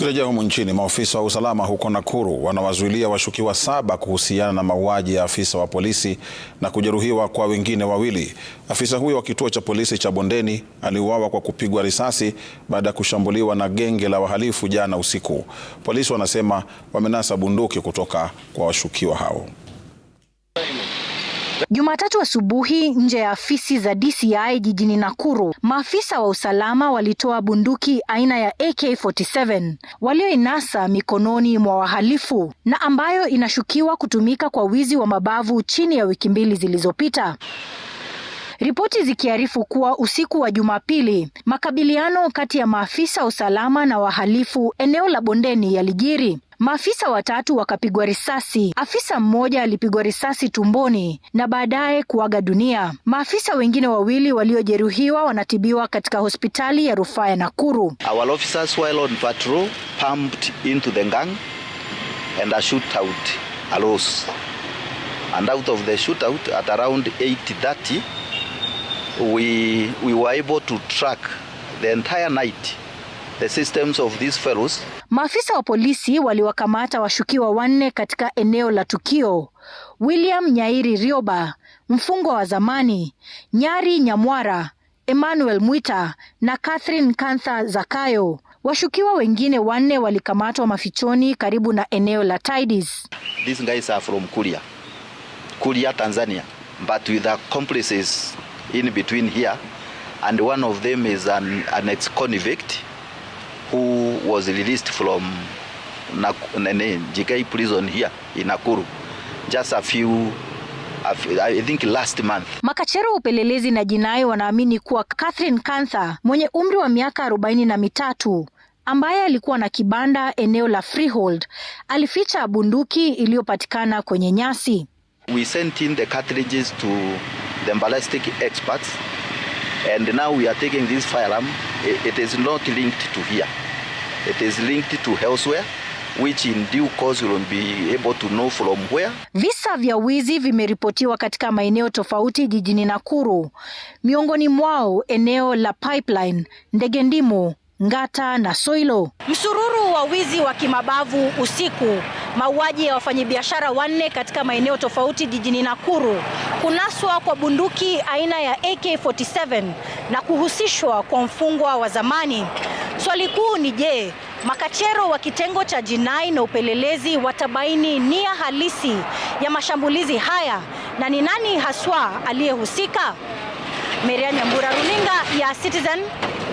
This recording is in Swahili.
Tukirejea humu nchini, maofisa wa usalama huko Nakuru wanawazuilia washukiwa saba kuhusiana na mauaji ya afisa wa polisi na kujeruhiwa kwa wengine wawili. Afisa huyo wa kituo cha polisi cha Bondeni aliuawa kwa kupigwa risasi baada ya kushambuliwa na genge la wahalifu jana usiku. Polisi wanasema wamenasa bunduki kutoka kwa washukiwa hao. Jumatatu asubuhi nje ya afisi za DCI jijini Nakuru, maafisa wa usalama walitoa bunduki aina ya AK47 walioinasa mikononi mwa wahalifu na ambayo inashukiwa kutumika kwa wizi wa mabavu chini ya wiki mbili zilizopita. Ripoti zikiarifu kuwa usiku wa Jumapili, makabiliano kati ya maafisa wa usalama na wahalifu eneo la Bondeni yalijiri. Maafisa watatu wakapigwa risasi. Afisa mmoja alipigwa risasi tumboni na baadaye kuaga dunia. Maafisa wengine wawili waliojeruhiwa wanatibiwa katika hospitali ya rufaa ya Nakuru. Our officers while on patrol pumped into the gang and a shootout arose. And out of the shootout at around 8:30 we we were able to track the entire night the systems of these fellows Maafisa wa polisi waliwakamata washukiwa wanne katika eneo la tukio: William Nyairi Rioba, mfungwa wa zamani, Nyari Nyamwara, Emmanuel Mwita na Catherine Kantha Zakayo. Washukiwa wengine wanne walikamatwa mafichoni karibu na eneo la Tidis. These guys are from Kuria. Kuria, Tanzania, but with accomplices in between here and one of them is an, an ex-convict who was released from JK prison here in Nakuru just a few I think last month. Makachero upelelezi na jinai wanaamini kuwa Catherine Kantha mwenye umri wa miaka arobaini na mitatu ambaye alikuwa na kibanda eneo la Freehold alificha bunduki iliyopatikana kwenye nyasi. We sent in the cartridges to the ballistic experts and now we are taking this firearm. It is not linked to here it is linked to elsewhere which in due course will be able to know from where. Visa vya wizi vimeripotiwa katika maeneo tofauti jijini Nakuru, miongoni mwao eneo la Pipeline, Ndege ndimo Ngata na Soilo. Msururu wa wizi wa kimabavu usiku, mauaji ya wafanyabiashara wanne katika maeneo tofauti jijini Nakuru, kunaswa kwa bunduki aina ya AK47 na kuhusishwa kwa mfungwa wa zamani Swali kuu ni je, makachero wa kitengo cha jinai na upelelezi watabaini nia halisi ya mashambulizi haya na ni nani haswa aliyehusika? Meria Nyambura, runinga ya Citizen.